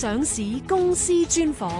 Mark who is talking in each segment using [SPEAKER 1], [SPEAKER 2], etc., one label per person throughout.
[SPEAKER 1] 上市公司專訪。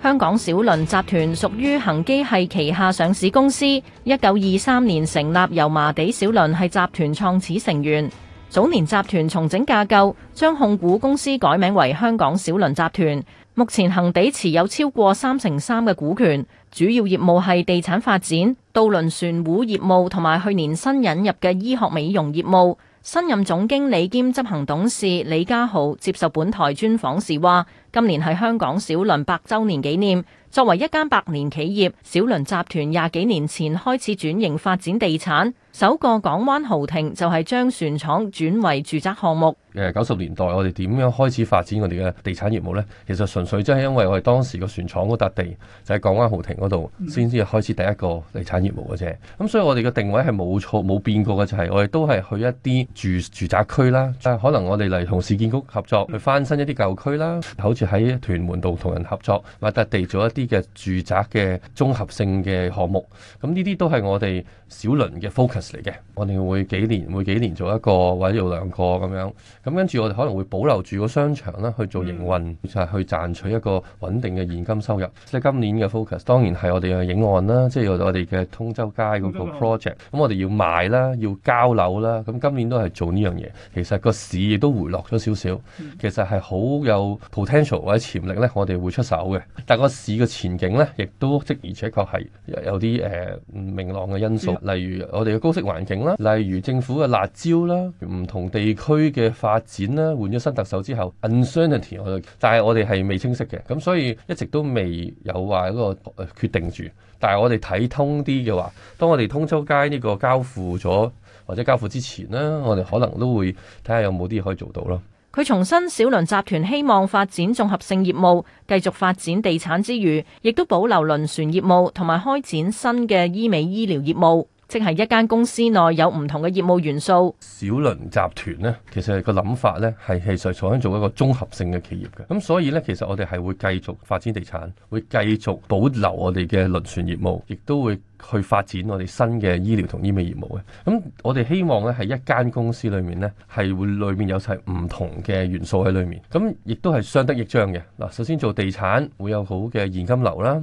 [SPEAKER 1] 香港小輪集團屬於恒基系旗下上市公司，一九二三年成立，油麻地小輪係集團創始成員。早年集團重整架構，將控股公司改名為香港小輪集團。目前恒地持有超過三成三嘅股權，主要業務係地產發展、渡輪船戶業務同埋去年新引入嘅醫學美容業務。新任總經理兼執行董事李嘉豪接受本台專訪時話，今年係香港小輪百周年紀念，作為一間百年企業，小輪集團廿幾年前開始轉型發展地產，首個港灣豪庭就係將船廠轉為住宅項目。
[SPEAKER 2] 誒九十年代我哋點樣開始發展我哋嘅地產業務咧？其實純水真即係因為我哋當時個船廠嗰笪地就喺港灣豪庭嗰度，先至開始第一個地產業務嘅啫。咁所以我哋嘅定位係冇錯冇變過嘅，就係、是、我哋都係去一啲住住宅區啦。但啊，可能我哋嚟同市建局合作去翻新一啲舊區啦。好似喺屯門度同人合作買笪地做一啲嘅住宅嘅綜合性嘅項目。咁呢啲都係我哋小輪嘅 focus 嚟嘅。我哋會幾年會幾年做一個或者做兩個咁樣。咁跟住我哋可能會保留住個商場啦去做營運，就係、嗯、去賺。取一個穩定嘅現金收入，即係今年嘅 focus。當然係我哋嘅影岸啦，即係我哋嘅通州街嗰個 project。咁我哋要賣啦，要交樓啦。咁今年都係做呢樣嘢。其實個市亦都回落咗少少。其實係好有 potential 或者潛力呢，我哋會出手嘅。但個市嘅前景呢，亦都的而且確係有啲誒唔明朗嘅因素，例如我哋嘅高息環境啦，例如政府嘅辣招啦，唔同地區嘅發展啦。換咗新特首之後，uncertainty，但係我哋係未清晰嘅，咁所以一直都未有話嗰個決定住，但係我哋睇通啲嘅話，當我哋通州街呢個交付咗或者交付之前咧，我哋可能都會睇下有冇啲可以做到咯。
[SPEAKER 1] 佢重申，小輪集團希望發展綜合性業務，繼續發展地產之餘，亦都保留輪船業務同埋開展新嘅醫美醫療業務。即係一間公司內有唔同嘅業務元素，
[SPEAKER 2] 小輪集團呢，其實個諗法呢係其實坐響做一個綜合性嘅企業嘅。咁所以呢，其實我哋係會繼續發展地產，會繼續保留我哋嘅輪船業務，亦都會，去發展我哋新嘅醫療同醫美業務嘅。咁我哋希望咧係一間公司裏面咧，係會裏面有齊唔同嘅元素喺裏面。咁亦都係相得益彰嘅。嗱，首先做地產會有好嘅現金流啦，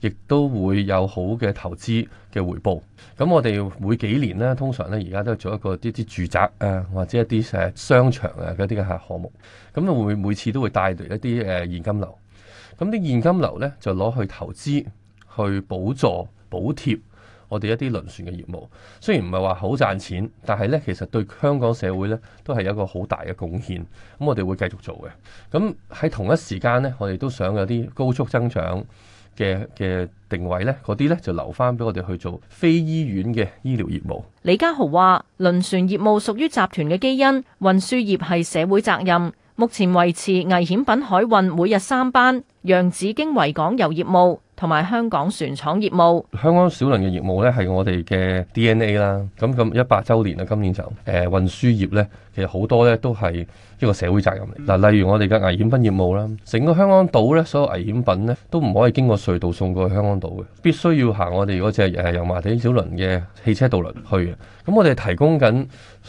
[SPEAKER 2] 亦都會有好嘅投資嘅回報。咁我哋每幾年咧，通常咧而家都做一個一啲住宅啊，或者一啲誒商場啊嗰啲嘅客項目。咁會每次都會帶嚟一啲誒現金流。咁啲現金流咧就攞去投資去補助。補貼我哋一啲輪船嘅業務，雖然唔係話好賺錢，但係呢其實對香港社會呢都係有一個好大嘅貢獻。咁我哋會繼續做嘅。咁喺同一時間呢，我哋都想有啲高速增長嘅嘅定位呢嗰啲呢就留翻俾我哋去做非醫院嘅醫療業務。
[SPEAKER 1] 李嘉豪話：輪船業務屬於集團嘅基因，運輸業係社會責任。目前維持危險品海運每日三班，洋紫荊維港遊業務。同埋香港船廠業務，
[SPEAKER 2] 香港小輪嘅業務咧係我哋嘅 DNA 啦。咁咁一百周年啦，今年就誒運輸業咧，其實好多咧都係一個社會責任嗱。例如我哋嘅危險品業務啦，成個香港島咧所有危險品咧都唔可以經過隧道送過去香港島嘅，必須要行我哋嗰隻誒油麻地小輪嘅汽車渡輪去嘅。咁我哋提供緊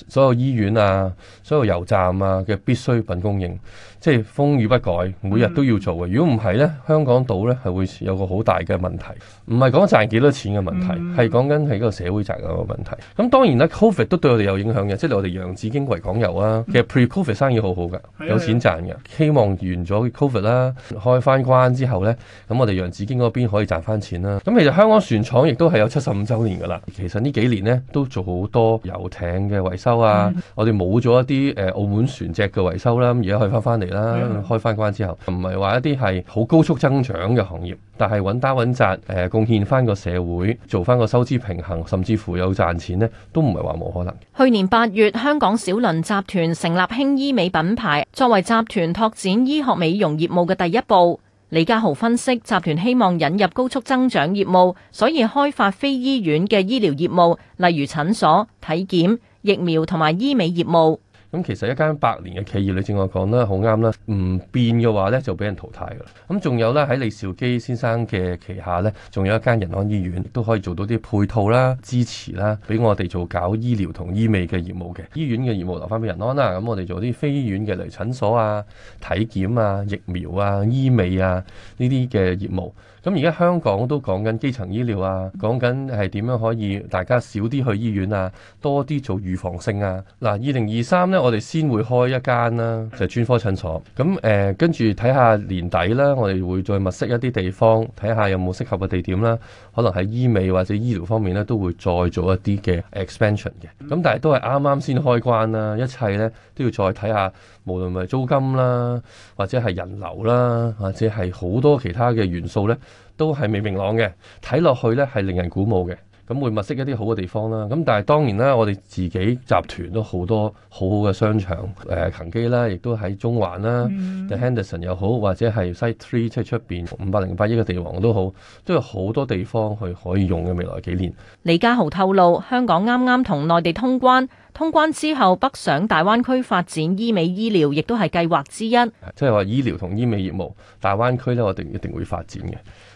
[SPEAKER 2] 所有醫院啊、所有油站啊嘅必需品供應。即係風雨不改，每日都要做嘅。如果唔係呢，香港島呢係會有個好大嘅問題。唔係講賺幾多錢嘅問題，係講緊係一個社會責任嘅問題。咁當然啦 COVID 都對我哋有影響嘅。即係我哋洋紫荊維港遊啊，其實 pre COVID 生意好好嘅，有錢賺嘅。希望完咗 COVID 啦，開返關之後呢，咁我哋洋紫荊嗰邊可以賺返錢啦。咁其實香港船廠亦都係有七十五週年㗎喇。其實呢幾年呢，都做好多遊艇嘅維修啊。我哋冇咗一啲誒澳門船隻嘅維修啦、啊，而家可以返返嚟。啦，嗯、開翻關之後，唔係話一啲係好高速增長嘅行業，但係穩打穩紮，誒、呃，貢獻翻個社會，做翻個收支平衡，甚至乎有賺錢呢都唔係話冇可能。
[SPEAKER 1] 去年八月，香港小輪集團成立輕醫美品牌，作為集團拓展醫學美容業務嘅第一步。李嘉豪分析，集團希望引入高速增長業務，所以開發非醫院嘅醫療業務，例如診所、體檢、疫苗同埋醫美業務。咁
[SPEAKER 2] 其實一間百年嘅企業，你正話講啦，好啱啦，唔變嘅話呢，就俾人淘汰噶啦。咁仲有呢，喺李兆基先生嘅旗下呢，仲有一間仁安醫院，都可以做到啲配套啦、支持啦，俾我哋做搞醫療同醫美嘅業務嘅。醫院嘅業務留返俾仁安啦，咁我哋做啲非醫院嘅嚟診所啊、體檢啊、疫苗啊、醫美啊呢啲嘅業務。咁而家香港都講緊基層醫療啊，講緊係點樣可以大家少啲去醫院啊，多啲做預防性啊。嗱，二零二三呢。我哋先會開一間啦，就係專科診所。咁誒，跟住睇下年底咧，我哋會再物色一啲地方，睇下有冇適合嘅地點啦。可能喺醫美或者醫療方面咧，都會再做一啲嘅 expansion 嘅。咁但係都係啱啱先開關啦，一切咧都要再睇下，無論係租金啦，或者係人流啦，或者係好多其他嘅元素咧，都係未明，明朗嘅。睇落去咧係令人鼓舞嘅。咁會物色一啲好嘅地方啦，咁但係當然啦，我哋自己集團都很多很好多好好嘅商場，誒、呃、恆基啦，亦都喺中環啦、嗯、The Henderson 又好，或者係 Site Three 即係出邊五
[SPEAKER 1] 百零八億嘅地王都好，都有好多地方去可以用嘅未來幾年。李嘉豪透露，香港啱啱同內地通關。通關之後，北上大灣區發展醫美醫療，亦都係計劃之一。
[SPEAKER 2] 即係話醫療同醫美業務，大灣區咧，我哋一定會發展嘅。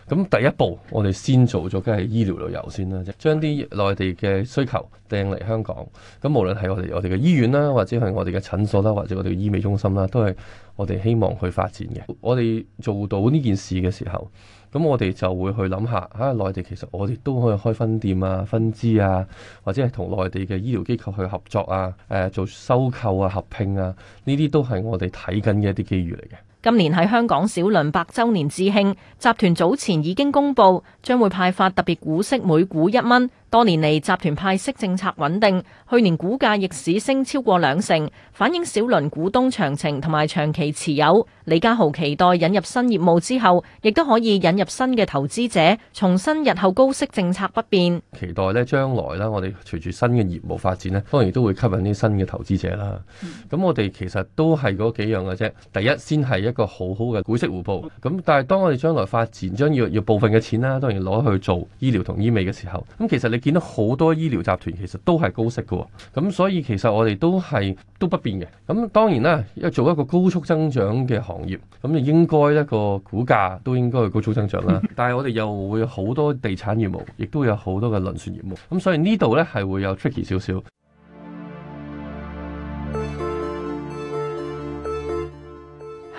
[SPEAKER 2] 咁第一步，我哋先做咗，梗係醫療旅遊先啦啫。將啲內地嘅需求掟嚟香港，咁無論係我哋我哋嘅醫院啦，或者係我哋嘅診所啦，或者我哋嘅醫美中心啦，都係。我哋希望去發展嘅，我哋做到呢件事嘅時候，咁我哋就會去諗下，喺、啊、內地其實我哋都可以開分店啊、分支啊，或者係同內地嘅醫療機構去合作啊、誒、啊、做收購啊、合併啊，呢啲都係我哋睇緊嘅一啲機遇嚟嘅。
[SPEAKER 1] 今年喺香港小輪百周年致慶，集團早前已經公布將會派發特別股息每股一蚊。多年嚟集團派息政策穩定，去年股價逆市升超過兩成，反映小輪股東長情同埋長期持有。李嘉豪期待引入新業務之後，亦都可以引入新嘅投資者，重新日後高息政策不變。
[SPEAKER 2] 期待呢將來呢，我哋隨住新嘅業務發展呢，當然都會吸引啲新嘅投資者啦。咁我哋其實都係嗰幾樣嘅啫，第一先係一個好好嘅股息回報，咁但係當我哋將來發展，將要要部分嘅錢啦，當然攞去做醫療同醫美嘅時候，咁其實你見到好多醫療集團其實都係高息嘅，咁所以其實我哋都係都不變嘅。咁當然啦，因做一個高速增長嘅行業，咁就應該一個股價都應該係高速增長啦。 但係我哋又會有好多地產業務，亦都有好多嘅輪船業務，咁所以呢度呢係會有 tricky 少少。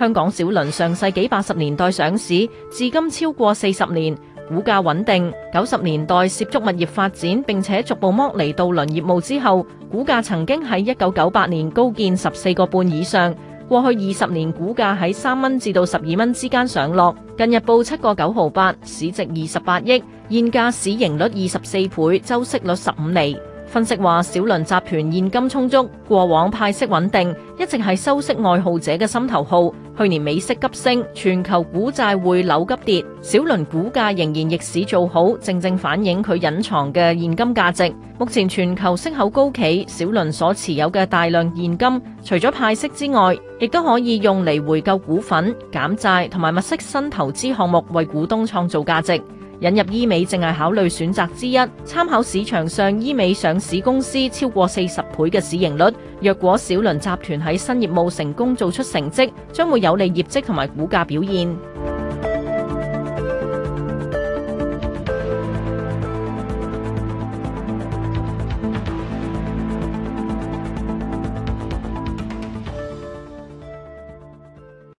[SPEAKER 1] 香港小輪上世紀八十年代上市，至今超過四十年，股價穩定。九十年代涉足物業發展，並且逐步剝離渡輪業務之後，股價曾經喺一九九八年高見十四個半以上。過去二十年股價喺三蚊至到十二蚊之間上落，近日報七個九毫八，市值二十八億，現價市盈率二十四倍，周息率十五厘。分析話，小輪集團現金充足，過往派息穩定，一直係收息愛好者嘅心頭好。去年美息急升，全球股債會扭急跌，小輪股價仍然逆市做好，正正反映佢隱藏嘅現金價值。目前全球息口高企，小輪所持有嘅大量現金，除咗派息之外，亦都可以用嚟回購股份、減債同埋物色新投資項目，為股東創造價值。引入醫美正係考慮選擇之一，參考市場上醫美上市公司超過四十倍嘅市盈率。若果小輪集團喺新業務成功做出成績，將會有利業績同埋股價表現。